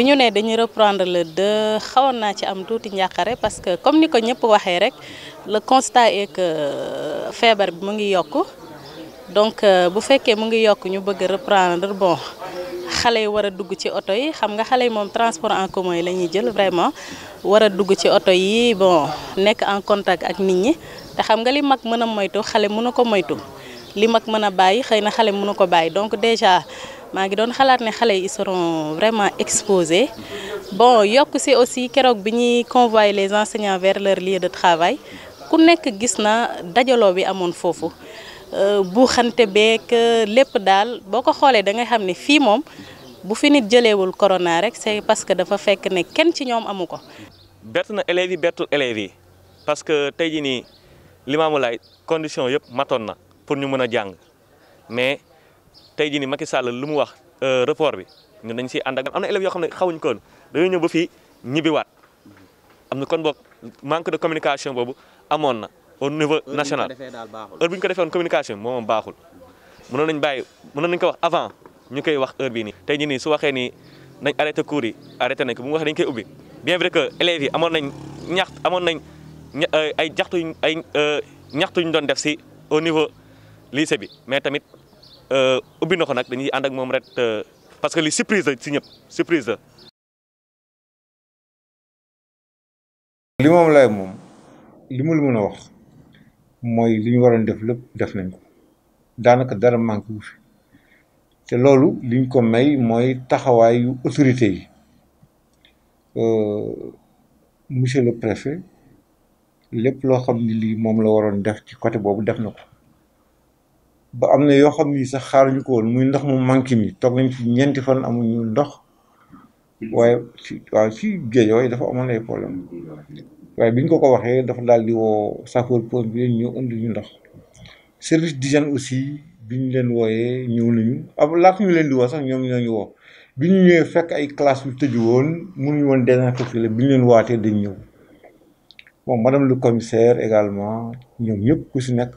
biñu né dañuy reprendre le 2 xawoon ci am touti ñakaré parce que comme niko ko ñëpp waxee rek le constat est que euh, fièvre bi mu ngi yokku donc euh, bu féké mu ngi yokku ñu bëgg reprendre bon xalé wara dugg ci auto yi xam nga xalé mom transport en commun yi lañuy jël vraiment wara dugg ci auto yi bon nek en contact ak nit ñi té xam nga li mag mëna moytu xalé mënu ko moytu li mag mëna bayyi xeyna xalé mënu ko bayyi donc déjà maa ngi doon xalaat ne ils yi seront vraiment exposés bon yokk si aussi keroog bi ñuy convoyer les enseignants vers leur lieu de travail ku nek gis na dajalo bi fofu euh bu xanté beek euh, lépp dal boko xolé da ngay xam ne mom bu fi nit jëleewul corona rek c'est parce que dafa fekk né kenn ci ñom amuko ko. na élèves yi élèves yi parce que tey jii nii Limamoulaye condition yépp matonna pour ñu mëna jang mais. tey jii nii Macky Sall lu mu wax euh, report bi ñun nañ si ànd ak am na élèves yoo xam ne xawuñ ko woon dañoo ñëw ba fii ñibbiwaat am na kon book manque de communication boobu amoon na au niveau national heure bu ñu ko defee woon communication bi moom baaxul mënoon nañ bàyyi mënoon nañ ko wax avant ñu koy wax heure bi nii tey jii nii su waxee nii nañ arrêté cours yi arrêté nañ ko bu mu waxee dañ koy ubbi bien vrai que élèves yi amoon nañ ñaxt amoon nañ euh, ay jaxtu ay euh, ñaxtu ñu doon def si au niveau lycée bi mais tamit Euh, ubbi na ko nag dañuy ànd ak moom rek parce que li surprise la si ñëpp surprise la. moom lay moom li ma la mën a wax mooy li ñu waroon def lépp def nañ ko daanaka dara manqué wu te loolu liñ ko may mooy taxawaayu autorité yi euh, monsieur lépp loo xam ni lii moom la waroon def ci côté boobu def na ko. ba am na yoo xam ni sax xaaruñu ko woon muy ndox mu manqué mi toog nañu ci ñeenti fan amuñu ndox waaye ci waaw ci dafa amoon ay problème waaye ñu ko ko waxee dafa daal di woo sapeur pompier ñu indi ñu ndox service d'hygiène aussi bi ñu leen wooyee ñëw nañu ab laata ñu leen di woo sax ñoom ñoo ñu woo bi ñu ñëwee fekk ay classe yu tëju woon ñu woon désinfecté la bi ñu leen waatee dañ ñëw ma madame le commissaire également ñoom ñëpp ku si nekk.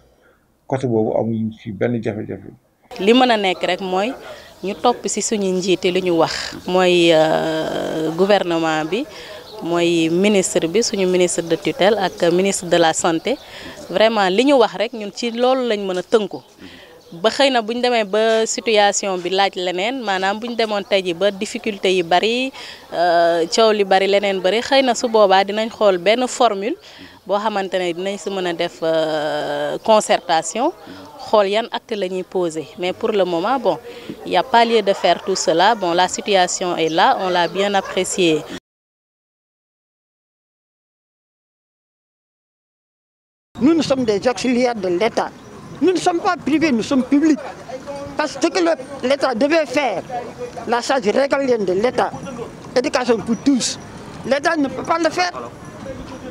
côté boobu amuñu ci benn jafe-jafe. li mën a nekk rek mooy ñu topp ci suñu njiiti li ñu wax. mooy euh, gouvernement bi mooy ministre bi suñu ministre de tutelle ak ministre de la santé vraiment li ñu wax rek ñun ci loolu lañ mën a tënku. ba xëy na bu ñu demee ba situation bi laaj leneen maanaam bu demoon tey ji ba difficulté yi bari euh, coow li bari leneen bari xëy na su boobaa dinañ xool benn formule. Euh, concertation mais pour le moment bon il n'y a pas lieu de faire tout cela bon la situation est là on l'a bien appréciée. Nous, nous sommes des auxiliaires de l'État. Nous ne sommes pas privés, nous sommes publics. Parce que ce que l'État devait faire, la charge régalienne de l'État, éducation pour tous, l'État ne peut pas le faire.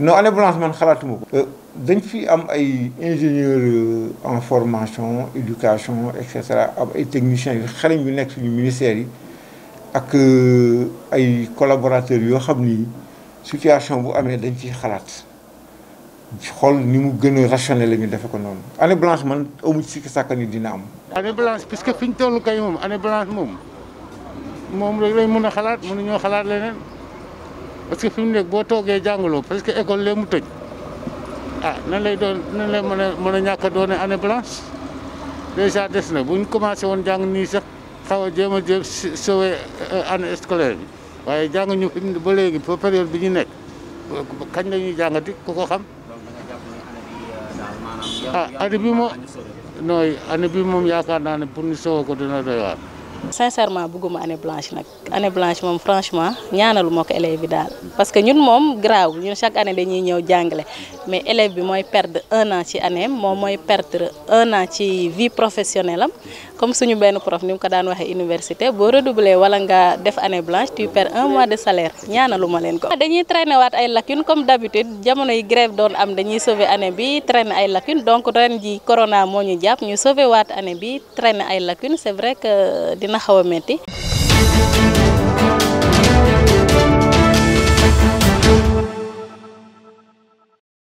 non année blanche man xalaatuma ko. Euh, dañ fi am ay ingénieurs euh, en formation éducation et cetera am ay techniciens yu xarañ yu nekk suñu ministères yi ak euh, ay collaborateurs yoo xam ni situation bu amee dañ ciy xalaat xool ni mu gën a rationnel la ñu defe ko noonu année blanche man amu ci sàkka ni dina am. année blanche puisque fi ñu toll kay moom année blanche moom moom rek lañ mën a xalaat mënuñoo xalaat leneen. parce que fi mu nekk boo toogee jàngaloo parce que école lee mu tëj ah nan lay doon nan lay mën a mën a ñàkk a doone année blanche déjà des na bu ñu commencé woon jàng nii sax xaw a jéem a jéem sauver euh, année bi waaye jàng ñu fi ba léegi ba période bi ñu nekk kañ la ñuy jàngati ku ko xam. ah année bi moom nooy année bi moom yaakaar naa ne pour ñu sauver ko dina sincèrement buguma année blanche nak année blanche mom franchement ñaanalu ma ko bi dal parce que ñun mom graw ñun chaque année dañuy ñëw jàngale mais élève bi mooy perdre un an ci année am moom mooy perdre un an ci vie professionnelle am comme suñu benn prof ni mu ko daan waxee université boo redoubler wala nga def année blanche tu perds un mois de salaire ñaanaluma ma leen ko. dañuy traîner waat ay lacunes comme d'habitude jamono yi grève doon am dañuy sauver année bi traîner ay lacunes donc ren ji corona moo ñu jàpp ñu sauver waat année bi traîner ay lacunes c'est vrai que dina xaw a metti